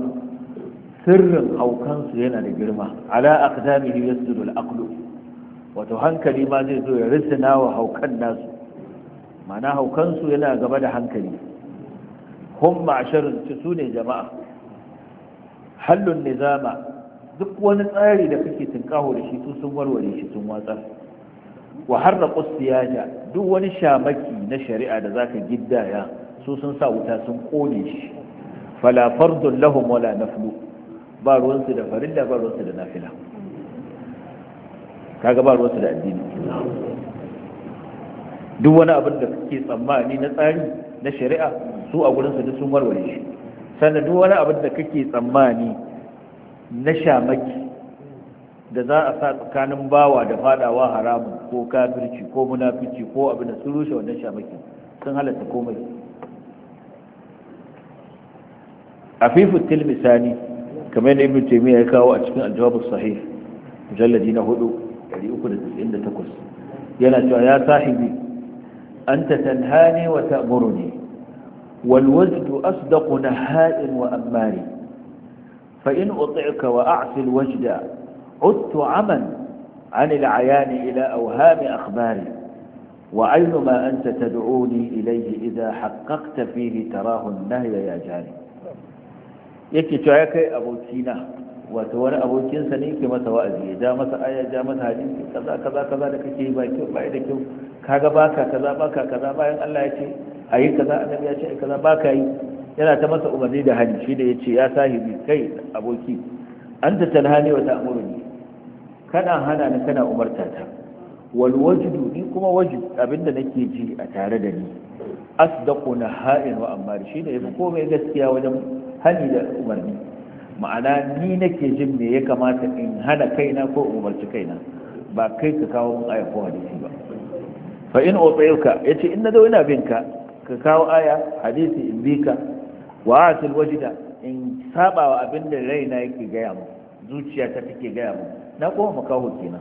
سر أو كنسو ينا لجرمه على أقدامه يسر العقل وتهنك لما زيزو يرسنا وحوكا الناسو mana haukansu yana gaba da hankali hum ma'asharun su ne jama'a hallun nizama duk wani tsari da kake tunkaho da shi su sun warware shi sun watsar wa harraqu siyaja duk wani shamaki na shari'a da zaka giddaya su sun sa wuta sun kone shi fala fardun lahum wala naflu ba ruwansu da farilla ba ruwansu da nafila kaga ba ruwansu da addini duk wani abin da suke tsammani na tsari na shari'a su a gurinsa da sun warware shi sannan duk wani abin da kake tsammani na shamaki da za a sa tsakanin bawa da fadawa haramun ko kafirci ko munafici ko abin da sun rushe wannan shamaki sun halatta komai afifu misali kamar yadda ibn taymiya ya kawo a cikin aljawab sahih mujalladi na 4 398 yana cewa ya sahibi أنت تنهاني وتأمرني والوجد أصدق نهاء وأمار فإن أطعك وأعفي الوجد عدت عما عن العيان إلى أوهام أخباري وعين ما أنت تدعوني إليه إذا حققت فيه تراه النهي يا جاري يكي تعيك أبو kai وتوانا أبو wani سنينك ne yake آية wa'azi ya كذا كذا كذا لك masa hadisi kaza kaza kaza kaga baka kaza baka kaza bayan Allah ya ce yi kaza annabi ya ce a kaza baka yi yana ta masa umarni da hani shi da ya ce ya sahibi kai aboki an ta tanhani wa ta'muruni kana hana ni kana umarta ta wal wajdu ni kuma wajdu abinda nake ji a tare da ni asdaqu nahain wa amma shi da yafi komai gaskiya wajen hani da umarni ma'ana ni nake jin me ya kamata in hana kaina ko umarci kaina ba kai ka kawo mun aya hadisi ba fa in utsayuka yace in nazo ina bin ka ka kawo aya hadisi in bi ka wa atil da in saba wa abin da raina yake gaya mu zuciya ta take gaya mu na koma makaho kenan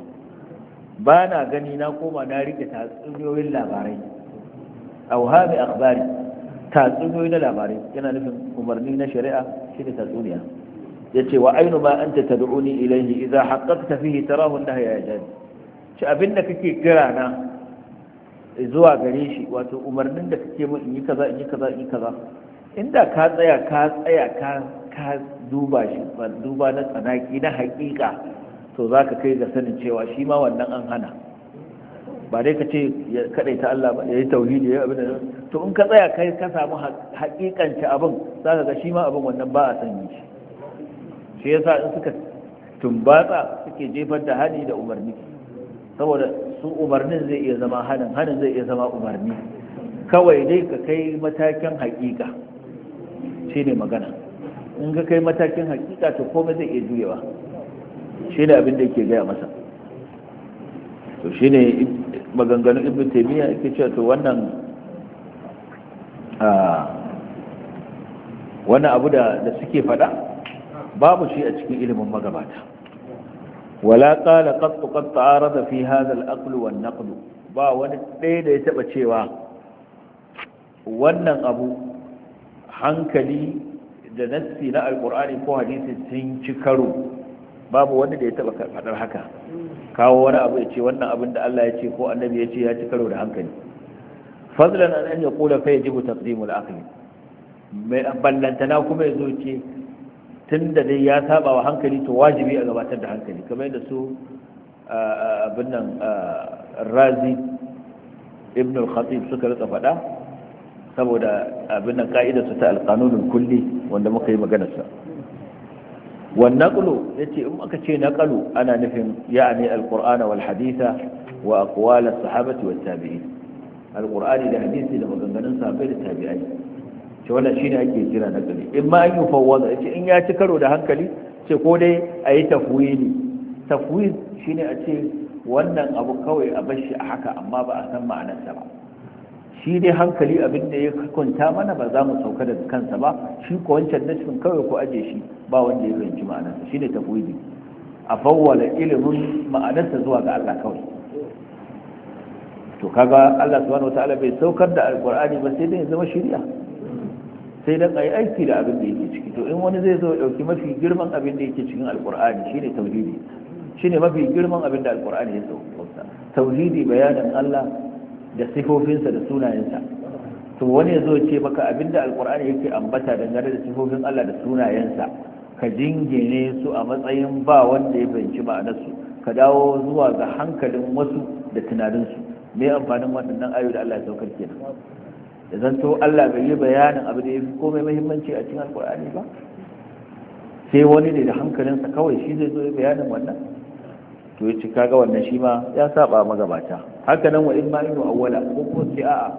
ba na gani na koma na rike tatsuniyoyin labarai auhami akhbari tatsuniyoyi na labarai yana nufin umarni na shari'a shi ne tatsuniya yace wa ainu ma anta tad'uni ilayhi idza haqqaqta fihi tarahu annaha ya jadi shi abinda kake kira na zuwa gare shi wato umarnin da kake mun in yi kaza in yi kaza in yi kaza inda ka tsaya ka tsaya ka ka duba shi duba na tsanaki na hakika to za ka kai ga sanin cewa shi ma wannan an hana ba dai ka ce ya kaɗai ta Allah ba ya yi tauhidi ya abin da to in ka tsaya kai ka samu hakikanci abin za ka ga shi ma abin wannan ba a sanyi shi shi yasa in suka tumbatsa suke jefar da hani da umarni saboda su umarnin zai iya zama hanin hanin zai iya zama umarni kawai dai ka kai matakin haƙiƙa shi ne magana in ka kai matakin haƙiƙa to komai zai iya juyewa shi ne abin da ke gaya masa to shi ne maganganun ibn taimiyya yake cewa to wannan wannan abu da suke faɗa babu shi a cikin ilimin magabata wala qala qattu qad ta'arada fi hadha al-aql wan naql ba wani ɗaya da ya taba cewa wannan abu hankali da nassi na alqur'ani ko hadisi sun ci karo babu wani da ya taba faɗar haka kawo wani abu ya ce wannan abin da Allah ya ce ko annabi ya ce ya ci karo da hankali fadlan an an yaqula fa yajibu taqdimu al-aql ballantana kuma yazo ce tun da dai ya saba wa hankali to wajibi a gabatar da hankali kamar yadda su abin nan razi ibn al-khatib suka rika faɗa saboda abin nan ka'idarsa ta alƙanunin kulli wanda muka yi maganarsa wannan ƙulu yace in aka ce na ana nufin ya'ani alƙur'ana wal haditha wa aqwalas sahabati wat tabi'in alƙur'ani da hadisi da maganganun sahabbai da tabi'ai ce wannan shine ake kira nakali in ma an yi fawwaza ce in ya ci karo da hankali ce ko dai a yi tafwili tafwil shine a ce wannan abu kawai a bar shi a haka amma ba a san ma'anarsa ba shi dai hankali abin da ya kwanta mana ba za mu sauka da kansa ba shi ko wancan nashin kawai ko aje shi ba wanda ya zanci ma'anarsa shine tafwili a fawwala ilimin ma'anarsa zuwa ga Allah kawai to kaga Allah subhanahu wataala bai saukar da alqur'ani ba sai dai ya zama shari'a sai dan ayi aiki da abin da yake ciki to in wani zai zo ya dauki mafi girman abin da yake cikin alqur'ani shine tauhidi shine mafi girman abin da alqur'ani ya sauka tauhidi bayanin Allah da sifofinsa da sunayensa to wani ya zo ce maka abin da alqur'ani yake ambata dangane da sifofin Allah da sunayensa ka jingine su a matsayin ba wanda ya fahimci ma'anarsu ka dawo zuwa ga hankalin wasu da tunaninsu me amfanin waɗannan ayo da Allah ya saukar kenan da zanto Allah bai yi bayanin abu da ya fi komai muhimmanci a cikin alkur'ani ba sai wani ne da hankalinsa kawai shi zai zo ya bayanin wannan to ya ci kaga wannan shi ma ya saba magabata haka nan wa ma inu awwala ko ko sai a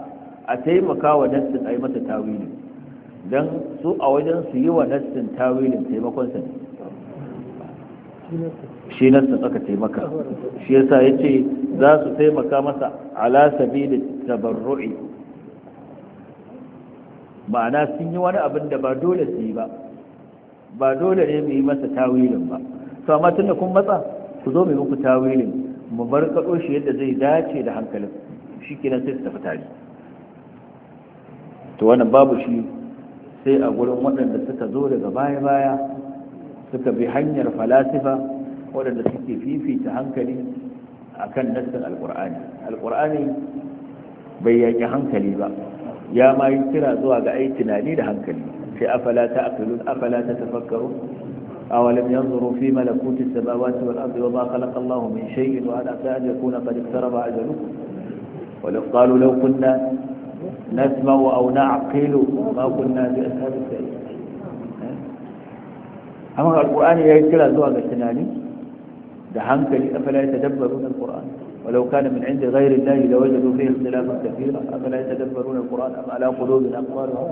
a taimaka wa nassin yi masa tawili dan su a wajen su yi wa nassin tawilin taimakon sa ne shi nassin aka taimaka shi yasa yace za su taimaka masa ala sabili tabarru'i ma'ana sun yi wani abin da ba dole su yi ba ba dole ne mu yi masa tawilin ba to amma da kun matsa ku zo mu muku tawilin mu bar kaɗo shi yadda zai dace da hankalin shi sai su tafi tari. to wannan babu shi sai a gurin waɗanda suka zo daga baya-baya suka bi hanyar falasifa waɗanda suke fifita hankali akan nassin alƙur'ani alƙur'ani bai yaƙi hankali ba ya ma yi kira zuwa ga ai tunani da hankali sai afala ta aqilun afala ta tafakkaru aw lam yanzuru fi malakuti samawati wal ardi wa ma khalaqa Allahu min shay'in wa ala ta'ala yakuna qad iktaraba ajalukum wa law qalu law kunna nasma'u aw na'qilu ma kunna bi ashabi sa'id amma alqur'ani ya yi kira zuwa ga tunani da hankali afala ta tadabbaru alqur'ani ولو كان من عند غير الله لوجدوا فيه اختلافا كثيرا أفلا يتدبرون القرآن أم على قلوب أقوالها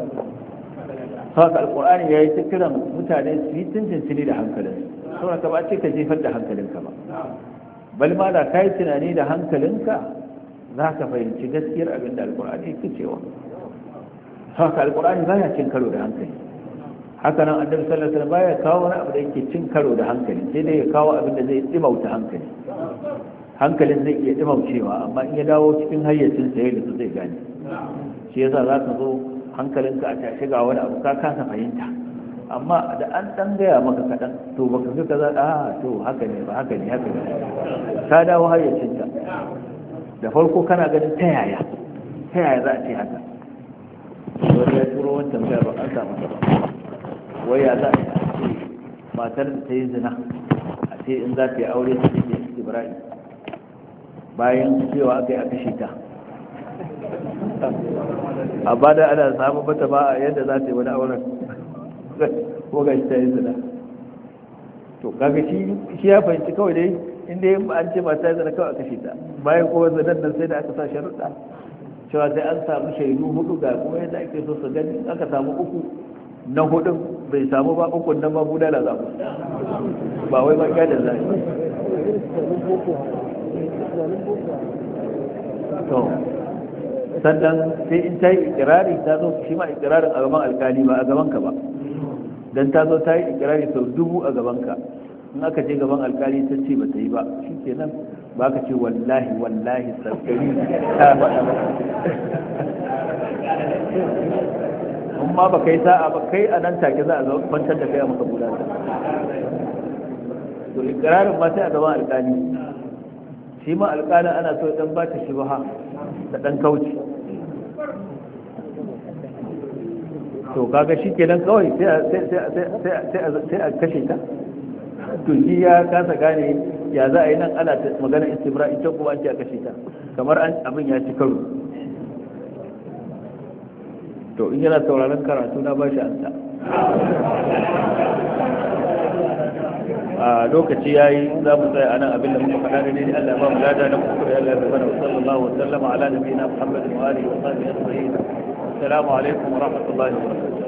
haka alkur'ani ya yi ta mutane su yi tuntuntuni da hankalin saboda ka ba ce ka jefar da hankalinka ba bal ka yi tunani da hankalinka za ka fahimci gaskiyar abin da alkur'ani ya cewa haka alkur'ani baya cin karo da hankali haka nan annabi sallallahu alaihi wasallam kawo wani abu da yake cin karo da hankali sai dai ya kawo abin da zai tsimauta hankali hankalin zai iya cewa amma in ya dawo cikin hayyacin sa yayin da zai gane shi yasa za ka zo hankalinka a tashi ga wani abu ka kasa fahimta amma da an dan gaya maka kaɗan to baka fi kaza a ah, to haka ne ba haka ne haka ne ka dawo hayyacin ka da farko kana ganin ta yaya ta yaya za a ce haka wani ya turo wani tambaya ba an samu ba wai ya za a ce matar da ta yi zina a ce in za ta yi aure ta yi ibrahim bayan cewa aka yi aka shita ta ba da ana samun bata ba a yadda za ta yi wani auren ko ga shi ta yi zina to kaga shi ya fahimci kawai dai inda yin an ce ba ta yi zina kawai aka shita ta bayan kowa zanen nan sai da aka sa sharuɗa cewa sai an samu shaidu hudu ga kuma yadda ake so su gani aka samu uku na hudun bai samu ba uku nan ba na zamu ba wai ba gadon zai to sannan sai in ta yi ikirari ta zo shi ma ikirarin a gaban alkali ba a gabanka ba don ta zo ta yi ikirari sau dubu a gabanka in aka je gaban alkali ta ce ba ta yi ba shi ke nan ba ka ce wallahi wallahi sarkari ta faɗa ba in ma ba kai sa'a ba kai a nan take za a zo kwantar da kai a maka bulata to ikirarin ma sai a gaban alkali shi ma alƙalin ana so ɗan ba ta ba da ɗan kauci to kaga shi ke nan kawai sai a kashe ta to shi ya kasa gane ya za a yi nan ana magana istibra ita kuma an ce a kashe ta kamar abin ya ci karo to in yana sauraron karatu na ba shi an a lokaci yi za mu tsaya nan abin da muka faɗa da dai Allah ba mu lada na kuskure Allah ya bada sallallahu wa sallama ala nabiyina Muhammadin wa alihi wa sahbihi ajma'in assalamu alaikum wa rahmatullahi wa barakatuh